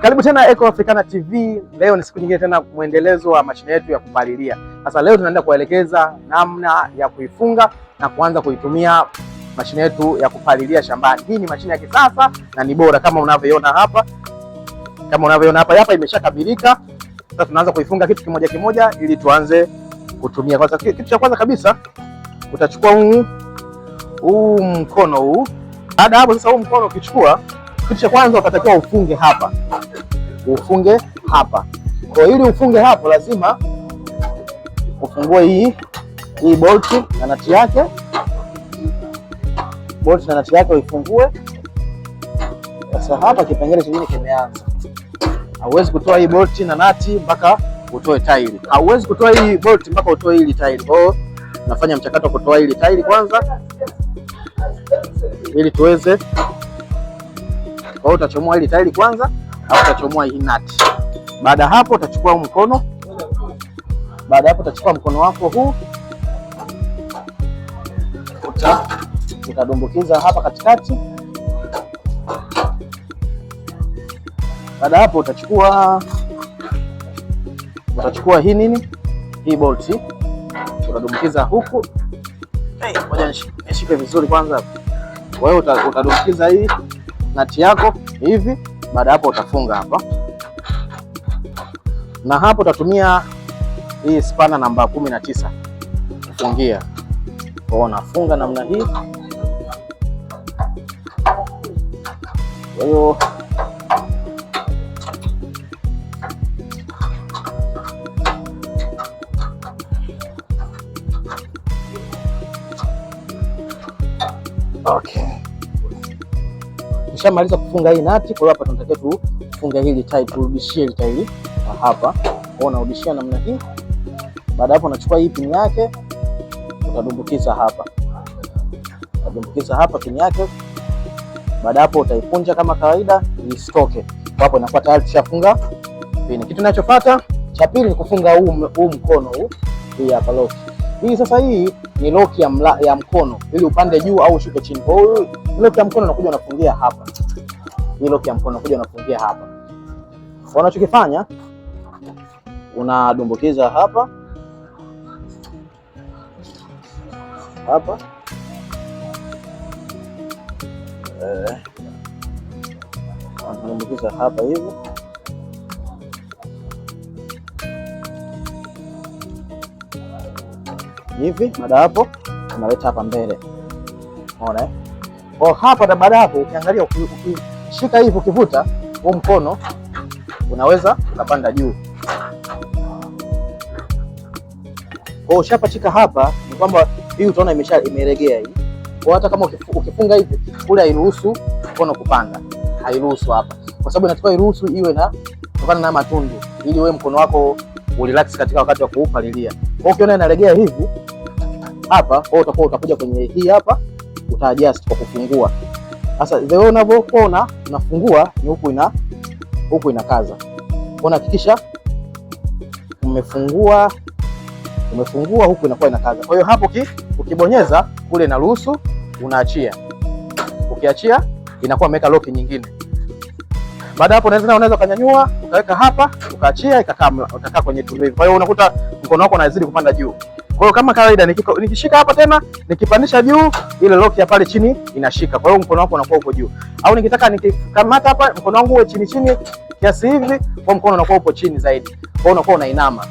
Karibu tena Eco Africana TV. Leo ni siku nyingine tena, mwendelezo wa mashine yetu ya kupalilia. Sasa leo tunaenda kuelekeza namna ya kuifunga na kuanza kuitumia mashine yetu ya kupalilia shambani. Hii ni mashine ya kisasa na ni bora kama unavyoona hapa, kama unavyoona hapa hapa imeshakabilika. Sasa tunaanza kuifunga kitu kimoja kimoja ili tuanze kutumia. Kwanza, kitu cha kwanza kabisa utachukua huu huu mkono huu. Baada hapo sasa, huu mkono ukichukua, kitu cha kwanza utatakiwa ufunge hapa ufunge hapa. Kwa ili ufunge hapo, lazima ufungue hii hii bolti na nati yake, bolti na nati yake uifungue. Sasa hapa kipengele chingine kimeanza. Hauwezi kutoa hii bolti na nati mpaka utoe tairi, hauwezi kutoa hii bolti mpaka utoe hili tairi. Kwa hiyo nafanya mchakato wa kutoa hili tairi kwanza, ili tuweze. Kwa hiyo utachomoa hili tairi kwanza au utachomoa hii nati. Baada hapo utachukua mkono, baada hapo utachukua mkono wako huu uta utadumbukiza hapa katikati. Baada hapo utachukua utachukua hii nini, hii bolti utadumbukiza huku. moja nishike vizuri kwanza. Wewe utadumbukiza hii nati yako hivi baada hapo utafunga hapa, na hapo utatumia hii spana namba kumi na tisa kufungia. Unafunga namna hii, kwa hiyo tukishamaliza kufunga hii nati, kwa hiyo hapa tunatakiwa tufunge hili tai, turudishie hili tai hapa. Unarudishia namna hii. Baada hapo, unachukua hii pini yake utadumbukiza hapa, utadumbukiza hapa pini yake. Baada hapo, utaipunja kama kawaida isitoke hapo, inakuwa tayari tushafunga pini. Kitu kinachofuata cha pili ni kufunga huu huu mkono huu hii hapa loki. Hii sasa hii ni lock ya, ya mkono ili upande juu au ushuke chini. Kwa hiyo lock ya mkono unakuja unafungia hapa. Hii lock ya mkono unakuja unafungia hapa. Unachokifanya unadumbukiza hapa hapa eh, unadumbukiza hapa hivyo hivi, baada hapo unaleta hapa mbele. Unaona? Kwa hapa na baada hapo ukiangalia, ukishika hivi, ukivuta huu mkono unaweza ukapanda juu. Kwa ushapachika hapa, ni kwamba hii utaona imesha imeregea hii. Kwa hata kama ukifunga hivi kule, hairuhusu mkono kupanda, hairuhusu hapa, kwa sababu inatakiwa iruhusu iwe na kutokana na matundu, ili wewe mkono wako urelax katika wakati wa kuupalilia. Kwa ukiona inaregea hivi hapa, kwa utakuwa utakuja kwenye hii hapa, uta adjust kwa kufungua. Sasa the way unavyoona unafungua ni huku ina huku inakaza. Kwa hakikisha umefungua umefungua huku inakuwa inakaza. Kwa hiyo hapo ki, ukibonyeza kule inaruhusu unaachia. Ukiachia inakuwa imeweka lock nyingine. Baada hapo unaweza unaweza kanyanyua ukaweka hapa ukaachia ikakaa ikakaa kwenye tundu hivi. Kwa hiyo unakuta mkono wako unazidi kupanda juu. Kwa hiyo kama kawaida nikishika hapa tena nikipandisha juu, ile lock ya pale chini inashika. Kwa hiyo mkono wako unakuwa uko juu, au nikitaka nikikamata hapa mkono wangu uwe chini chini kiasi hivi, kwa mkono unakuwa upo chini zaidi, kwa hiyo unakuwa unainama.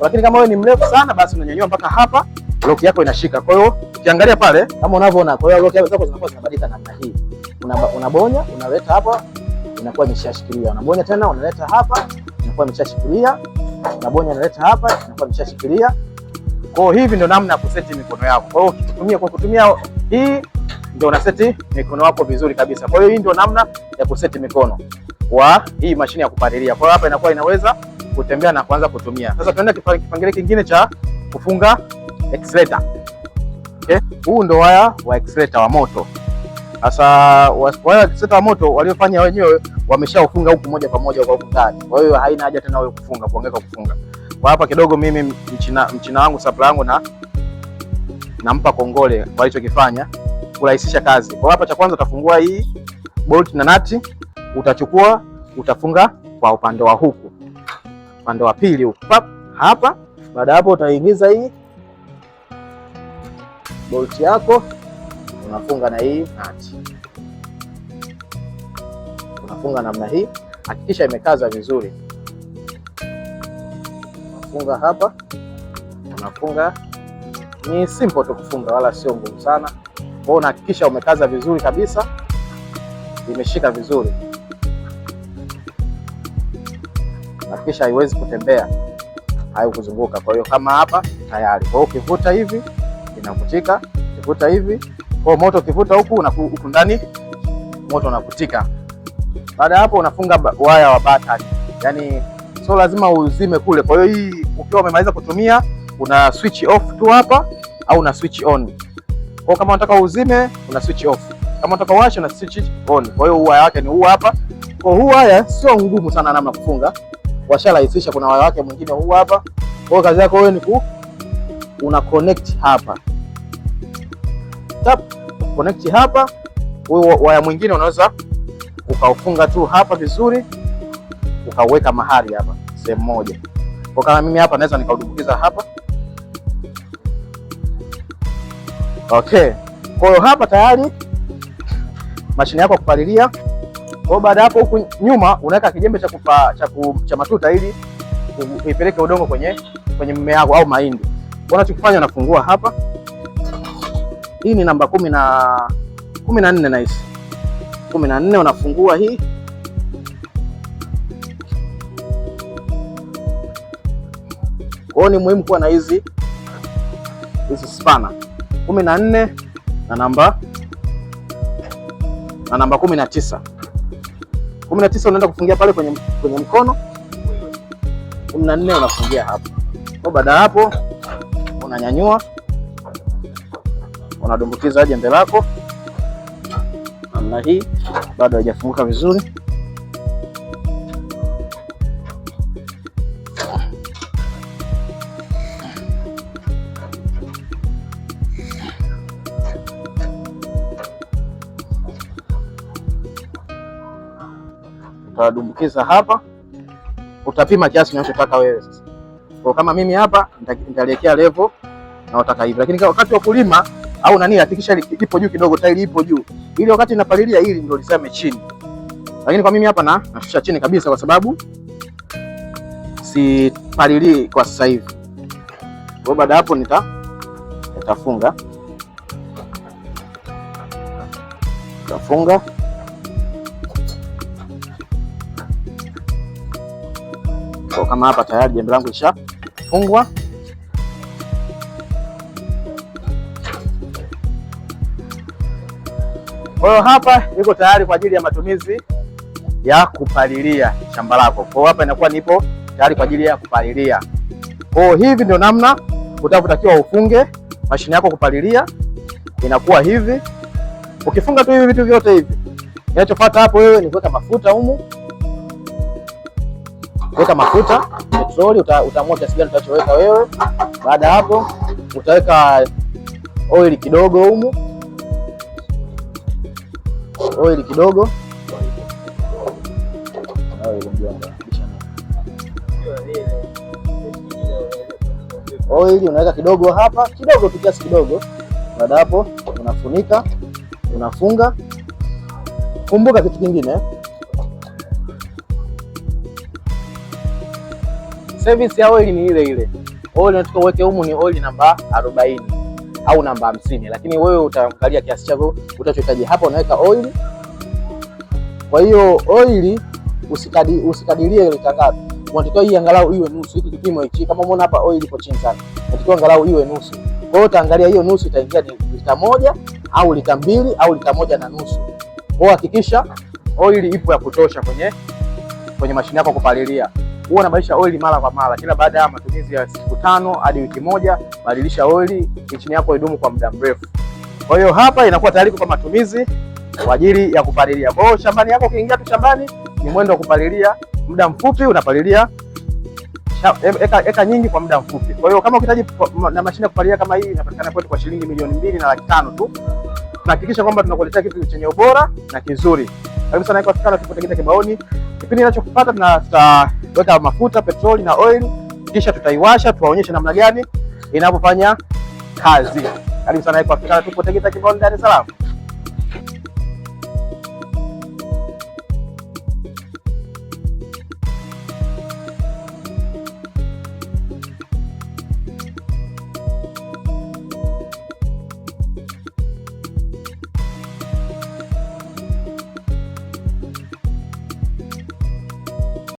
Lakini kama wewe ni mrefu sana, basi unanyanyua mpaka hapa, lock yako inashika. Kwa hiyo ukiangalia pale kama unavyoona, kwa hiyo lock yako zako zinakuwa zinabadilika namna hii, unabonya, unaleta hapa, inakuwa imeshashikilia, unabonya tena, unaleta hapa, inakuwa imeshashikilia, unabonya, unaleta hapa, inakuwa imeshashikilia. Kwa hiyo hivi ndio namna ya kuseti mikono yako. Kwa hiyo ukitumia kwa kutumia hii ndio unaseti mikono yako vizuri kabisa. Kwa hiyo hii ndio namna ya kuseti mikono kwa hii mashine ya kupalilia. Kwa hiyo hapa inakuwa inaweza kutembea na kuanza kutumia. Sasa tunaenda kipengele kingine cha kufunga accelerator. Okay? Huu ndio waya wa accelerator wa moto. Sasa waya wa accelerator wa moto waliofanya wenyewe wameshaufunga huku moja kwa moja kwa huku ndani. Kwa hiyo haina haja tena wewe kufunga kuongeza kufunga. Kwa hapa kidogo mimi mchina, mchina wangu supply wangu na nampa kongole kwa alichokifanya kurahisisha kazi. Kwa hapa cha kwanza utafungua hii bolt na nati, utachukua utafunga kwa upande wa huku, upande wa pili huku hapa. Baada hapo utaingiza hii bolt yako, unafunga na hii nati, unafunga namna hii. Hakikisha imekaza vizuri kufunga hapa, unafunga. Ni simple tu kufunga, wala sio ngumu sana. Kwa hiyo unahakikisha umekaza vizuri kabisa, imeshika vizuri, nahakikisha haiwezi kutembea, kuzunguka. Kwa hiyo kama hapa tayari. Kwa hiyo ukivuta hivi inavutika, ukivuta hivi. Kwa hiyo moto ukivuta huku huku ndani moto unakutika. Baada ya hapo unafunga waya wa battery. yani sio lazima uzime kule. Kwa hiyo hii ukiwa umemaliza kutumia una switch off tu hapa au una switch on. Kwa kama unataka uzime una switch off, kama unataka uache una switch on. Kwa hiyo huwa yake ni huu hapa. Kwa huu waya sio ngumu sana namna kufunga, washarahisisha. Kuna waya wake mwingine huu hapa. Kwa hiyo kazi yako wewe ni ku una connect hapa, tap connect hapa. Wewe waya mwingine unaweza ukaufunga tu hapa vizuri, ukaweka mahali hapa sehemu moja. Kwa kama mimi hapa naweza nikaudumbukiza hapa. Okay. Kwa hiyo hapa tayari mashine yako ya kupalilia. Kwa hiyo baada hapo, huku nyuma unaweka kijembe cha kupa, cha, ku, cha matuta ili uipeleke udongo kwenye kwenye mmea wako au mahindi. Unachokifanya unafungua hapa. Hii ni namba kumi na kumi na nne nahisi kumi na nne unafungua hii Kwa hiyo ni muhimu kuwa na hizi hizi spana kumi na nne na namba na namba kumi na tisa kumi na tisa unaenda kufungia pale kwenye, kwenye mkono kumi na nne unafungia hapo. Kwa baada ya hapo unanyanyua unadumbukiza jembe lako namna hii, bado haijafunguka vizuri. utadumbukiza hapa, utapima kiasi unachotaka wewe. Sasa kwa kama mimi hapa nitaliwekea level na utaka hivi, lakini wakati wa kulima au nani, hakikisha lipo juu kidogo, tairi ipo juu, ili wakati napalilia hili ndio lisame chini. Lakini kwa mimi hapa na nashusha chini kabisa, kwa sababu sipalilii kwa sasa hivi. Kwa baada hapo nita nitafunga nitafunga Kwa kama hapa tayari jembe langu ishafungwa Kwa hiyo hapa iko tayari kwa ajili ya matumizi ya kupalilia shamba lako. Kwa hiyo hapa inakuwa nipo tayari kwa ajili ya kupalilia. Kwa hiyo hivi ndio namna utakavyotakiwa ufunge mashine yako kupalilia, inakuwa hivi. Ukifunga tu hivi vitu vyote hivi, inachofuata hapo wewe ni kuweka mafuta humu weka mafuta petroli, utaamua kiasi gani utachoweka wewe. Baada hapo utaweka oili kidogo humu, oili kidogo oili unaweka kidogo hapa kidogo tu, kiasi kidogo. Baada hapo unafunika, unafunga. Kumbuka kitu kingine Service ya oil ni ile ile. Oil unataka uweke humu ni oil namba 40 au namba 50, lakini wewe utaangalia kiasi chako utachohitaji. Hapa unaweka oil. Kwa hiyo oil usikadi, usikadirie lita ngapi. Unatakiwa hii angalau iwe nusu. Hiki kipimo hichi, kama umeona hapa oil ipo chini sana, unatakiwa angalau iwe nusu. Kwa hiyo utaangalia hiyo nusu itaingia ni lita moja au lita mbili au lita moja na nusu. Kwa hiyo hakikisha oil ipo ya kutosha kwenye kwenye mashine yako kupalilia huwa nabadilisha oili mara kwa mara, kila baada ya matumizi ya siku tano hadi wiki moja, badilisha oili, injini yako idumu kwa muda mrefu. Kwa hiyo hapa inakuwa tayari kwa matumizi kwa ajili ya kupalilia. Kwa hiyo shambani yako ukiingia tu shambani, ni mwendo wa kupalilia, muda mfupi unapalilia e, eka, eka nyingi kwa muda mfupi. Kwa hiyo kama ukihitaji na mashine ya kupalilia kama hii, inapatikana kwetu kwa shilingi milioni mbili na laki tano tu. Tunahakikisha kwamba tunakuletea kitu chenye ubora na kizuri. Karibu sana, tuko katika kibaoni. Kipindi inachokipata tutaweka mafuta, petroli na oil, kisha tutaiwasha, tuwaonyeshe namna gani inavyofanya kazi. Karibu sana kwa Africana, tupo Tegeta Kibaoni, Dar es Salaam.